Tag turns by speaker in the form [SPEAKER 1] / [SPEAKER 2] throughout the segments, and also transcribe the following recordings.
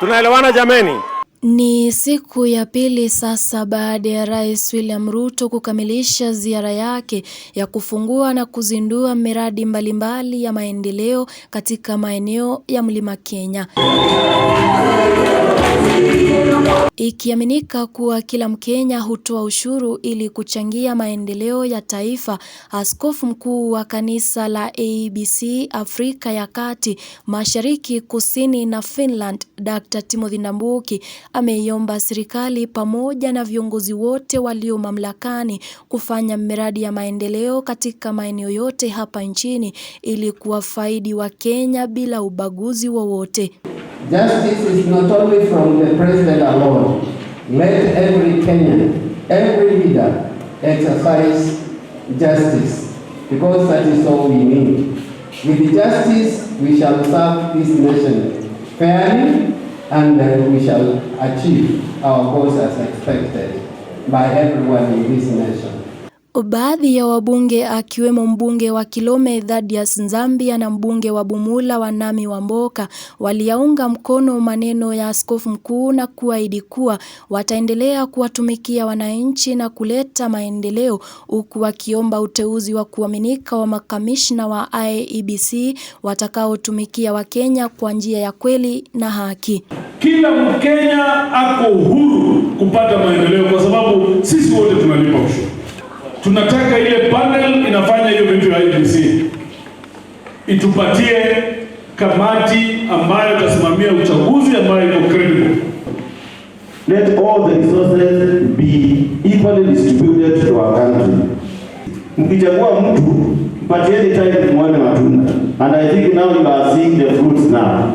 [SPEAKER 1] Tunaelewana jameni?
[SPEAKER 2] Ni siku ya pili sasa baada ya Rais William Ruto kukamilisha ziara yake ya kufungua na kuzindua miradi mbalimbali ya maendeleo katika maeneo ya Mlima Kenya ikiaminika kuwa kila Mkenya hutoa ushuru ili kuchangia maendeleo ya taifa. Askofu mkuu wa kanisa la ABC Afrika ya Kati, Mashariki, Kusini na Finland, Dr. Timothy Ndambuki ameiomba serikali pamoja na viongozi wote walio mamlakani kufanya miradi ya maendeleo katika maeneo yote hapa nchini ili kuwafaidi Wakenya bila ubaguzi wowote.
[SPEAKER 3] Justice is not only from the president alone. Let every Kenyan, every leader exercise justice because that is all we need. With justice, we shall serve this nation fairly and uh, we shall achieve our goals as expected by everyone in this nation.
[SPEAKER 2] Baadhi ya wabunge akiwemo mbunge wa Kilome Thaddeus Nzambia na mbunge wa Bumula Wanami Wamboka waliyaunga mkono maneno ya askofu mkuu na kuahidi kuwa wataendelea kuwatumikia wananchi na kuleta maendeleo huku wakiomba uteuzi wa kuaminika wa makamishna wa IEBC watakaotumikia Wakenya kwa njia ya kweli na haki.
[SPEAKER 4] Kila Mkenya ako huru kupata maendeleo kwa sababu sisi wote tunalipa ushuru tunataka ile panel inafanya hiyo vitu ya IBC itupatie kamati ambayo itasimamia uchaguzi ambayo iko credible.
[SPEAKER 5] Let all the resources be equally distributed to our country. Mkichagua mtu mpatieni time muone matunda, and I think now you are seeing the fruits now.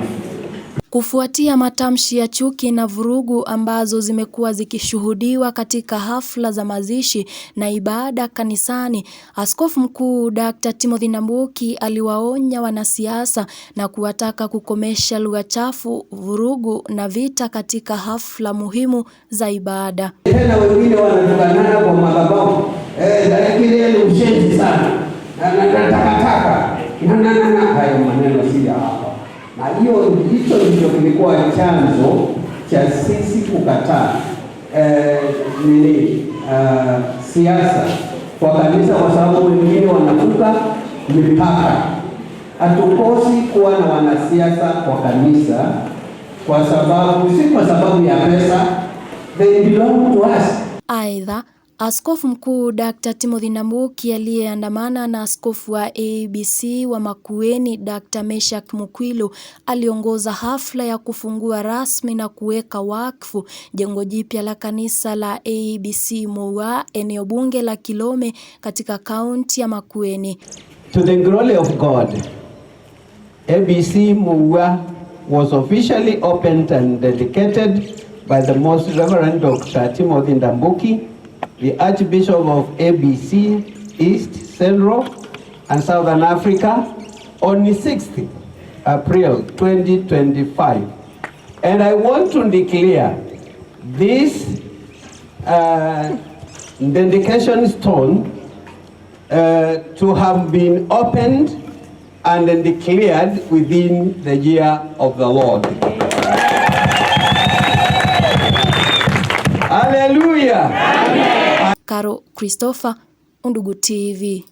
[SPEAKER 2] Kufuatia matamshi ya chuki na vurugu ambazo zimekuwa zikishuhudiwa katika hafla za mazishi na ibada kanisani, Askofu Mkuu Dr. Timothy Nambuki aliwaonya wanasiasa na kuwataka kukomesha lugha chafu, vurugu na vita katika hafla muhimu za ibada.
[SPEAKER 6] Tena wengine wanatukanana kwa madhabahu. Eh, ni ushenzi sana. Na takataka. Na na na hayo maneno si hapa. Na hiyo hicho ndicho kilikuwa chanzo cha sisi kukataa eh, nini eh, siasa kwa kanisa, kwa sababu wengine wanavuka mipaka. Hatukosi kuwa na wanasiasa kwa kanisa, kwa sababu si kwa sababu ya pesa, they belong to us.
[SPEAKER 2] Aidha Askofu Mkuu Dr. Timothy Ndambuki aliyeandamana na askofu wa ABC wa Makueni Dr. Meshak Mukwilu aliongoza hafla ya kufungua rasmi na kuweka wakfu jengo jipya la kanisa la ABC Moua, eneo bunge la Kilome katika kaunti ya Makueni.
[SPEAKER 7] To the glory of God, ABC was officially opened and dedicated by the Most Reverend Dr. Timothy Ndambuki the Archbishop of ABC, East, Central, and Southern Africa on the 6th April 2025. And I want to declare this uh, dedication stone uh, to have been opened and declared within the year of the Lord.
[SPEAKER 2] Karo Christopher, Undugu TV.